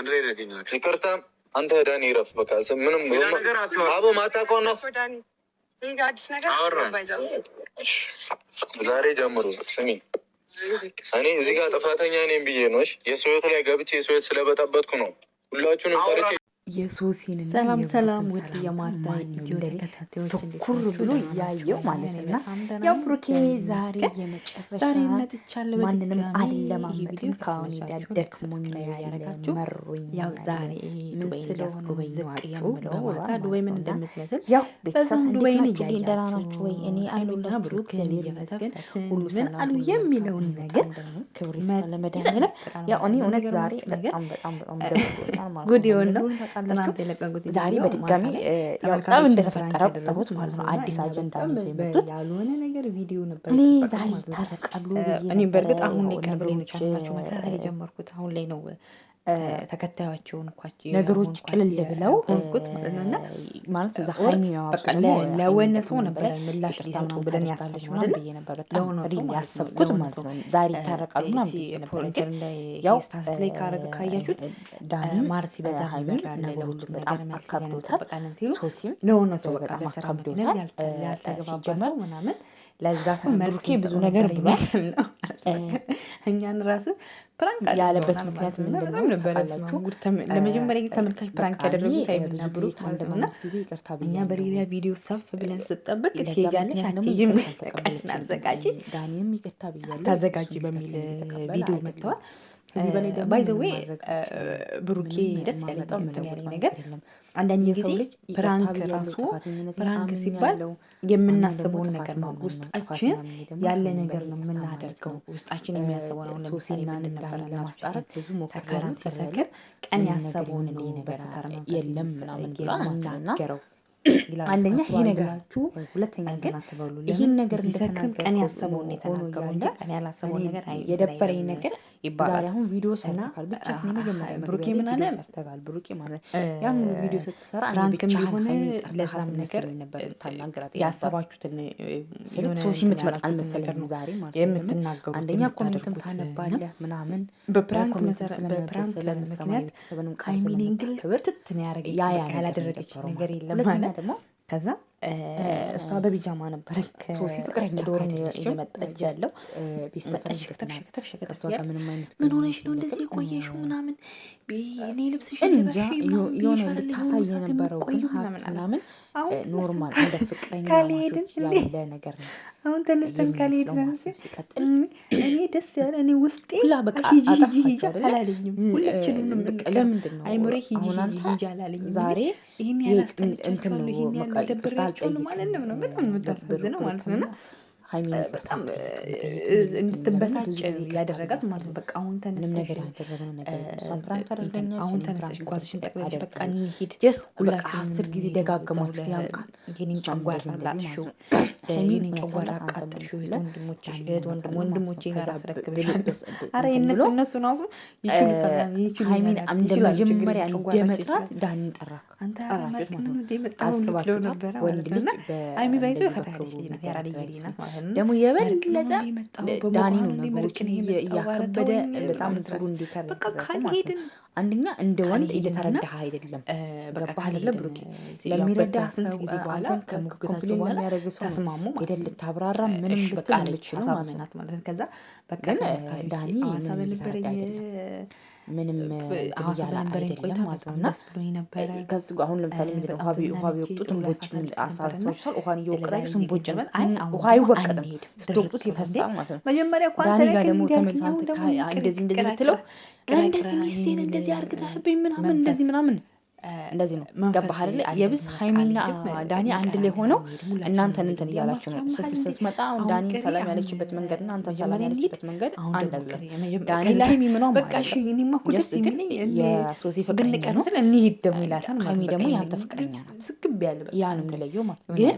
አንድ ላይ ይቅርታ አንተ ዳኒ ረፍ በቃ ምንም አቦ ነው። ዛሬ ጀምሮ ስሚ፣ እኔ እዚህ ጋር ጥፋተኛ እኔም ብዬ ነው የሰው ላይ ገብቼ የሰው ስለበጣበትኩ ስለበጠበጥኩ ነው ሁላችሁንም የሶሲን ሰላም ሰላም ውድ የማርታ ቪዲዮ ትኩር ብሎ ያየው ማለት ና ያው ብሩኬ ዛሬ የመጨረሻ ማንንም አልለማመጥም ከአሁን ሄዳ ደክሞኝ ያረጋችሁ መሮኝ ያው ዛሬ ምን ስለሆነ ዝቅ የምለው ቤተሰብ እንዴት ናችሁ? ደህና ናችሁ ወይ? እኔ አሉላችሁ እግዚአብሔር ይመስገን ሁሉ ሰላም አሉ የሚለውን ነገር ክብር ይስፋ ለመድኃኒዓለም ያው እኔ እውነት ዛሬ በጣም በጣም በጣም ጉድ የሆን ነው ታውቃላችሁ። ዛሬ በድጋሚ ጸብ እንደተፈጠረ ቁጠሩት ማለት ነው። አዲስ አጀንዳ ነው የመጡት። እኔ ዛሬ ይታረቃሉ። እኔ በእርግጥ አሁን ላይ ነው ተከታዮቸውን እኳቸው ነገሮች ቅልል ብለው ማለት እዛ ለወነ ሰው ነበረ ምላሽ ሊሰጡ ብለን ያሰብኩት ማለት ነው። ዛሬ ይታረቃሉ ምናምን ያው ካያችሁት ዳኒ ማር ሲበዛ ሀይሚን ነገሮችን በጣም አካብዶታል። ሶሲም ለሆነ ሰው በጣም አካብዶታል። ሲጀመር ምናምን ለዛ ሰው ብሩኬ ብዙ ነገር ብሏል እኛን ራስ ፕራንክ ያለበት ምክንያት ምንድነው ታውቃላችሁ? ለመጀመሪያ ጊዜ ተመልካች ፕራንክ ያደረጉት አይብና ብሩክ አንድና እኛ በሌላ ቪዲዮ ሰፍ ብለን ስጠብቅ ሴጋለሽ አትይም ቀን አዘጋጂ ታዘጋጂ በሚል ቪዲዮ መጥተዋል። ባይዘዌ ብሩኬ ደስ ያለጣው ነገር አንዳንድ ጊዜ ፕራንክ ራሱ ፕራንክ ሲባል የምናስበውን ነገር ነው። ውስጣችን ያለ ነገር ነው የምናደርገው። ውስጣችን የሚያስበው ነው። ብዙ ተሰክር ቀን ያሰበውን የለም ምናምን ብሎ አንደኛ ይሄ ነገራችሁ፣ ሁለተኛ ግን ይህን ነገር እንደተናገርኩ ቀን ያሰበውን ነው የደበረኝ ነገር ይባላል። ዛሬ አሁን ቪዲዮ ሰርተካል ብቻ ብሩኬ ሰርተካል ብሩኬ ማለት ያን ቪዲዮ ስትሰራ ራንክ ለዛም ነገር ያሰባችሁትን ሶሲ የምትመጣ አልመሰለኝም ዛሬ ማለት የምትናገሩ አንደኛ ኮሜንትም ምናምን በፕራንክ ቤተሰብንም ቃል ስለምክብር ያ ያላደረገች ነገር የለም ከዛ እሷ በቢጃማ ነበረች። ሶሲ ፍቅረኛ መጣች ያለው ምን ሆነሽ ነው እንደዚህ ምናምን እኔ እንጃ የሆነ ልታሳይ የነበረው ግን ሀብት ምናምን ኖርማል እንደ ፍቅረኛ ያለ ነገር ነው። አሁን ተነስተን ደስ ያለ እኔ ውስጤ ሁላ በቃ አላለኝም። ለምንድን ነው ጠይቅ ማለት ነው። በጣም የምታሳዝነው ማለት ነው እና በጣም እንድትበሳጭ ያደረጋት ማለት በቃ አሁን ተነስተሽ አሁን ተነስተሽ ጓዝሽን ጠቅለሽ በቃ እንሂድ። በቃ አስር ጊዜ ጨጓራ ጨጓራ ወንድሞቼ ጋር እነሱ ናሱ ሀይሚን እንደመጥራት ዳኒን ጠራክ ወንድ ልጅ በ ደግሞ የበለጠ ዳኒ ነው ነገሮችን እያከበደ በጣም እንትሩ እንዲከር አንደኛ እንደ ወንድ እየተረዳህ አይደለም። ገባህ አይደለም ብሩኬ? ለሚረዳህ ሰው አንተን ኮምፕሌን ለሚያደርግ ሰው ተስማሙ ሄደን ልታብራራ ምንም ልትል አልችልም ማለት ነው። ከዛ ግን ዳኒ ምንም እየተረዳ አይደለም። ምንም ያለ አይደለም ማለት ነው። አሁን ለምሳሌ ምንድነው ውሃ ቢወቅጡት እንቦጭ አሳስባችኋል። ውሃን እየወቀጣችሁ እንቦጭ ነው። ውሃ አይወቀጥም ስትወቅጡት ይፈሳል ማለት ነው። ዳኒ ጋር ደግሞ ተመልሳ እንደዚህ እንደዚህ ብትለው እንደዚህ ሚስቴን እንደዚህ አርግተህብኝ ምናምን እንደዚህ ምናምን እንደዚህ ነው ገባህ አይደለ? የብስ ሀይሚና ዳኒ አንድ ላይ ሆነው እናንተን እንትን እያላችሁ ነው። ስትመጣ ዳኒ ሰላም ያለችበት መንገድ እና አንተ ሰላም ያለችበት መንገድ አንድ አለ። ዳኒ ለሀይሚ ምነው የሶሲ ፍቅረኛ ነው። ሀይሚ ደግሞ የአንተ ፍቅረኛ ናት። ያ ነው የሚለየው ማለት ነው። ግን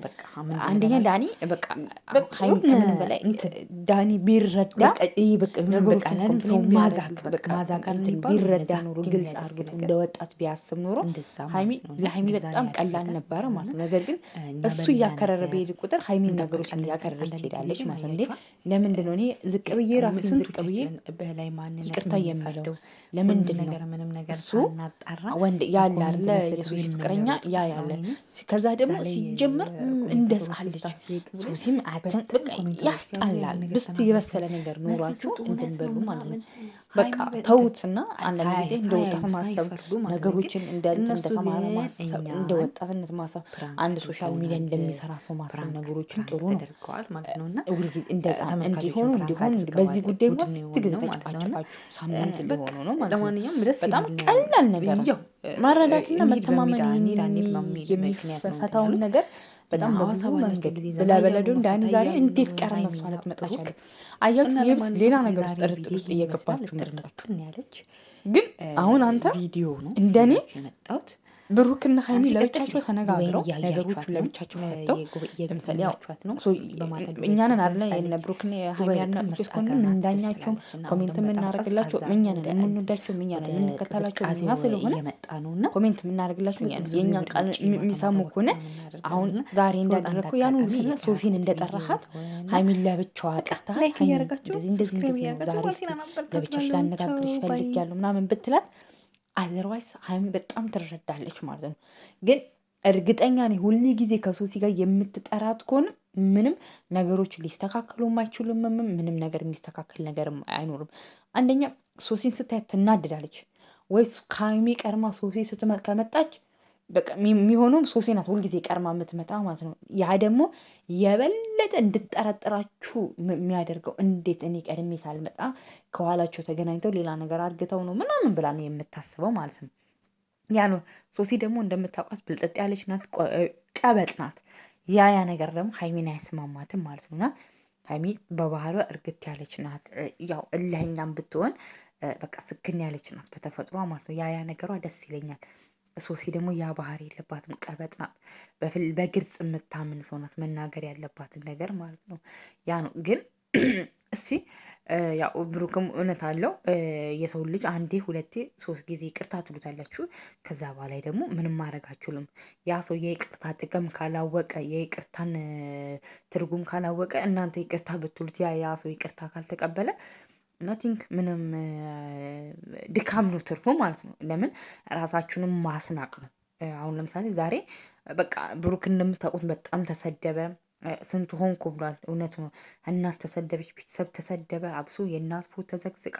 አንደኛ ዳኒ በቃ ሀይሚ ከምንም በላይ ዳኒ ቢረዳ ነገሮችን ሰው ማዛጋት ቢረዳ ኖሮ ግልጽ አድርጎ እንደወጣት ቢያስብ ኖሮ ለሀይሚ በጣም ቀላል ነበረ ማለት ነው። ነገር ግን እሱ እያከረረ በሄድ ቁጥር ሀይሚም ነገሮች እያከረረች ትሄዳለች ማለት ነው። እንዴ ለምንድን ነው እኔ ዝቅ ብዬ ራሱ ዝቅ ብዬ ይቅርታ የምለው ለምንድን ነው? እሱ ወንድ ያለ አለ የሱሲ ፍቅረኛ ያ ያለ ከዛ ደግሞ ሲጀምር እንደ ጻለች ሱሲም አትን ያስጠላል። ብስት የበሰለ ነገር ኖሯችሁ እንድንበሉ ማለት ነው በቃ ተውትና አንዳንድ ጊዜ እንደ ወጣት ማሰብ ነገሮችን እንደተማረ ማሰብ እንደ ወጣትነት ማሰብ አንድ ሶሻል ሚዲያ እንደሚሰራ ሰው ማሰብ ነገሮችን ጥሩ ነው። እንዲሆኑ እንዲሆን በዚህ ጉዳይ ስንት ጊዜ ተጨቃጨቃችሁ? ሳምንት ሊሆኑ ነው ማለት ነው። በጣም ቀላል ነገር ነው። ማረዳትና መተማመን የሚፈታውን ነገር በጣም በብዙ መንገድ ብለበለዶ እንዳይን ዛሬ እንዴት ቀረ መስዋለት ለትመጣችሁ አያችሁ። ይህ ሌላ ነገር ውስጥ ጥርጥር ውስጥ እየገባችሁ መጣችሁ። ግን አሁን አንተ እንደኔ ብሩክና ሀይሚ ለብቻቸው ተነጋግረው ነገሮቹ ለብቻቸው ፈተው ለምሳሌ እኛንን አለ የነ ብሩክና ሀይሚያና ያናቸው እስከሆኑ እንዳኛቸውም ኮሜንት የምናደርግላቸው እኛንን የምንወዳቸው እኛንን የምንከተላቸው እኛ ስለሆነ ኮሜንት የምናደርግላቸው የእኛን ቃል የሚሰሙ ከሆነ አሁን ዛሬ እንዳደረግኩ ያን ሁሉ ስለ ሶሲን እንደጠራሃት ሀይሚን ለብቻዋ ጠርተሃት እንደዚህ እንደዚህ እንደዚህ ነው ዛሬ ለብቻሽ ላነጋግርሽ ፈልግ ያሉ ምናምን ብትላት አዘርዋይስ ሀይሚ በጣም ትረዳለች ማለት ነው። ግን እርግጠኛ ነኝ ሁሌ ጊዜ ከሶሲ ጋር የምትጠራት ከሆነ ምንም ነገሮች ሊስተካከሉ አይችሉም። ምንም ነገር የሚስተካከል ነገር አይኖርም። አንደኛ ሶሲን ስታያት ትናድዳለች። ወይስ ከሀይሚ ቀድማ ሶሲ ስትመጣ ከመጣች በቃ የሚሆነውም ሶሴ ናት ሁልጊዜ ቀርማ የምትመጣ ማለት ነው። ያ ደግሞ የበለጠ እንድጠረጥራችሁ የሚያደርገው እንዴት እኔ ቀድሜ ሳልመጣ ከኋላቸው ተገናኝተው ሌላ ነገር አድርገው ነው ምናምን ብላ ነው የምታስበው ማለት ነው። ያ ነው። ሶሲ ደግሞ እንደምታውቋት ብልጠጥ ያለች ናት፣ ቀበጥ ናት። ያ ያ ነገር ደግሞ ሀይሚን አያስማማትም ማለት ነውና እና ሀይሚ በባህሏ እርግት ያለች ናት። ያው እልኸኛም ብትሆን በቃ ስክን ያለች ናት በተፈጥሯ ማለት ነው። ያ ያ ነገሯ ደስ ይለኛል። ሶሲ ደግሞ ያ ባህሪ የለባትም። ቀበጥ ናት። በግልጽ የምታምን ሰው ናት። መናገር ያለባትን ነገር ማለት ነው። ያ ነው ግን እስቲ ያው ብሩክም እውነት አለው። የሰው ልጅ አንዴ ሁለቴ ሶስት ጊዜ ይቅርታ ትሉታላችሁ። ከዛ በላይ ደግሞ ምንም ማድረግ አችሉም። ያ ሰው የይቅርታ ጥቅም ካላወቀ፣ የይቅርታን ትርጉም ካላወቀ እናንተ ይቅርታ ብትሉት ያ ያ ሰው ይቅርታ ካልተቀበለ ናቲንግ ምንም ድካም ነው ትርፉ ማለት ነው። ለምን ራሳችሁንም ማስናቅ ነው። አሁን ለምሳሌ ዛሬ በቃ ብሩክ እንደምታውቁት በጣም ተሰደበ። ስንቱ ሆንኩ ብሏል። እውነት ነው። እናት ተሰደበች፣ ቤተሰብ ተሰደበ። አብሶ የእናት ፎት ተዘቅዝቃ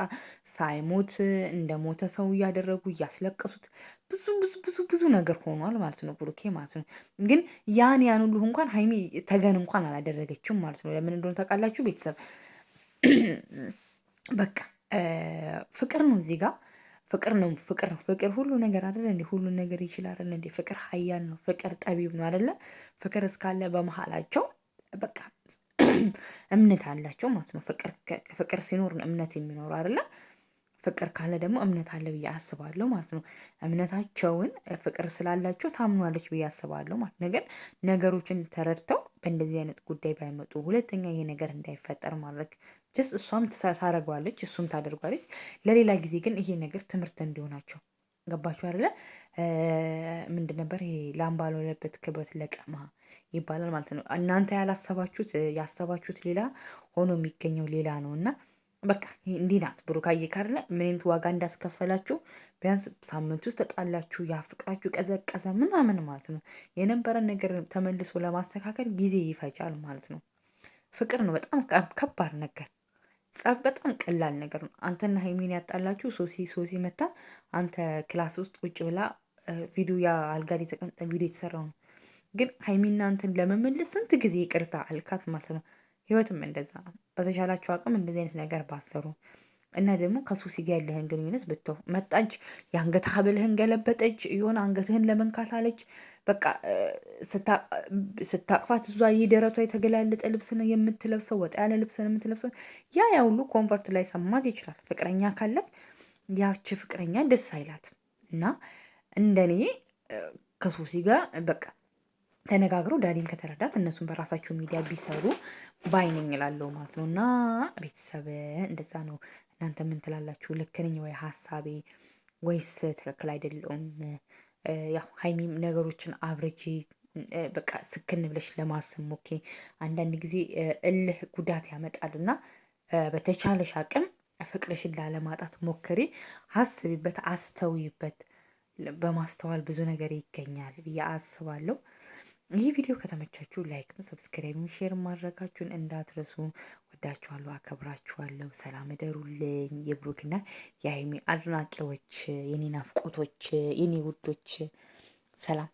ሳይሞት እንደ ሞተ ሰው እያደረጉ እያስለቀሱት ብዙ ብዙ ብዙ ብዙ ነገር ሆኗል ማለት ነው። ብሩኬ ማለት ነው። ግን ያን ያን ሁሉ እንኳን ሀይሚ ተገን እንኳን አላደረገችም ማለት ነው። ለምን እንደሆነ ታውቃላችሁ ቤተሰብ በቃ ፍቅር ነው እዚህ ጋር ፍቅር ነው ፍቅር ፍቅር ሁሉ ነገር አይደለ እንዴ? ሁሉ ነገር ይችላል አይደለ እንዴ? ፍቅር ኃያል ነው። ፍቅር ጠቢብ ነው አይደለ? ፍቅር እስካለ በመሃላቸው በቃ እምነት አላቸው ማለት ነው። ፍቅር ፍቅር ሲኖር ነው እምነት የሚኖር አይደለ? ፍቅር ካለ ደግሞ እምነት አለ ብዬ አስባለሁ ማለት ነው። እምነታቸውን ፍቅር ስላላቸው ታምኗለች ብዬ አስባለሁ ማለት ነው። ግን ነገሮችን ተረድተው በእንደዚህ አይነት ጉዳይ ባይመጡ፣ ሁለተኛ ይሄ ነገር እንዳይፈጠር ማድረግ ጀስት እሷም ታደርገዋለች፣ እሱም ታደርጓለች። ለሌላ ጊዜ ግን ይሄ ነገር ትምህርት እንዲሆናቸው ገባችሁ አይደለ? ምንድን ነበር ይሄ ላምባ ለሆነበት ክብረት ለቀማ ይባላል ማለት ነው። እናንተ ያላሰባችሁት ያሰባችሁት ሌላ ሆኖ የሚገኘው ሌላ ነው እና በቃ እንዲህ ናት ብሩካዬ ካለ ምን አይነት ዋጋ እንዳስከፈላችሁ ቢያንስ ሳምንት ውስጥ ተጣላችሁ፣ ያፍቅራችሁ ቀዘቀዘ ምናምን ማለት ነው። የነበረ ነገር ተመልሶ ለማስተካከል ጊዜ ይፈጃል ማለት ነው። ፍቅር ነው በጣም ከባድ ነገር። ጸብ በጣም ቀላል ነገር ነው። አንተና ሀይሚን ያጣላችሁ ሶሲ ሶሲ መታ አንተ ክላስ ውስጥ ቁጭ ብላ ቪዲዮ ያ አልጋ ላይ ተቀምጠ ቪዲዮ የተሰራው ነው። ግን ሀይሚና አንተን ለመመለስ ስንት ጊዜ ይቅርታ አልካት ማለት ነው። ህይወትም እንደዛ በተሻላችሁ አቅም እንደዚህ አይነት ነገር ባሰሩ እና ደግሞ ከሱሲ ጋ ያለህን ግንኙነት ብትው መጣች፣ የአንገት ሀብልህን ገለበጠች፣ የሆነ አንገትህን ለመንካት አለች። በቃ ስታቅፋት እዟ የደረቷ የተገላለጠ ልብስን የምትለብሰው ወጣ ያለ ልብስን የምትለብሰው ያ ያ ሁሉ ኮንፈርት ላይ ሰማት ይችላል። ፍቅረኛ ካለ ያቺ ፍቅረኛ ደስ አይላት እና እንደኔ ከሱሲ ጋር በቃ ተነጋግረው ዳኒም ከተረዳት እነሱም በራሳቸው ሚዲያ ቢሰሩ ባይነኝ እላለሁ ማለት ነው። እና ቤተሰብ እንደዛ ነው። እናንተ ምን ትላላችሁ? ልክ ነኝ ወይ ሀሳቤ ወይስ ትክክል አይደለውም? ያው ሀይሚም ነገሮችን አብረጂ በቃ ስክን ብለሽ ለማሰብ ሞኬ አንዳንድ ጊዜ እልህ ጉዳት ያመጣልና በተቻለሽ አቅም ፍቅርሽን ላለማጣት ሞክሪ። አስቢበት፣ አስተውይበት። በማስተዋል ብዙ ነገር ይገኛል ብዬ አስባለሁ። ይህ ቪዲዮ ከተመቻችሁ ላይክም፣ ሰብስክራይብም፣ ሼር ማድረጋችሁን እንዳትረሱ። ወዳችኋለሁ፣ አከብራችኋለሁ። ሰላም እደሩልኝ። የብሩክና የሀይሚ አድናቂዎች፣ የኔ ናፍቆቶች፣ የኔ ውዶች ሰላም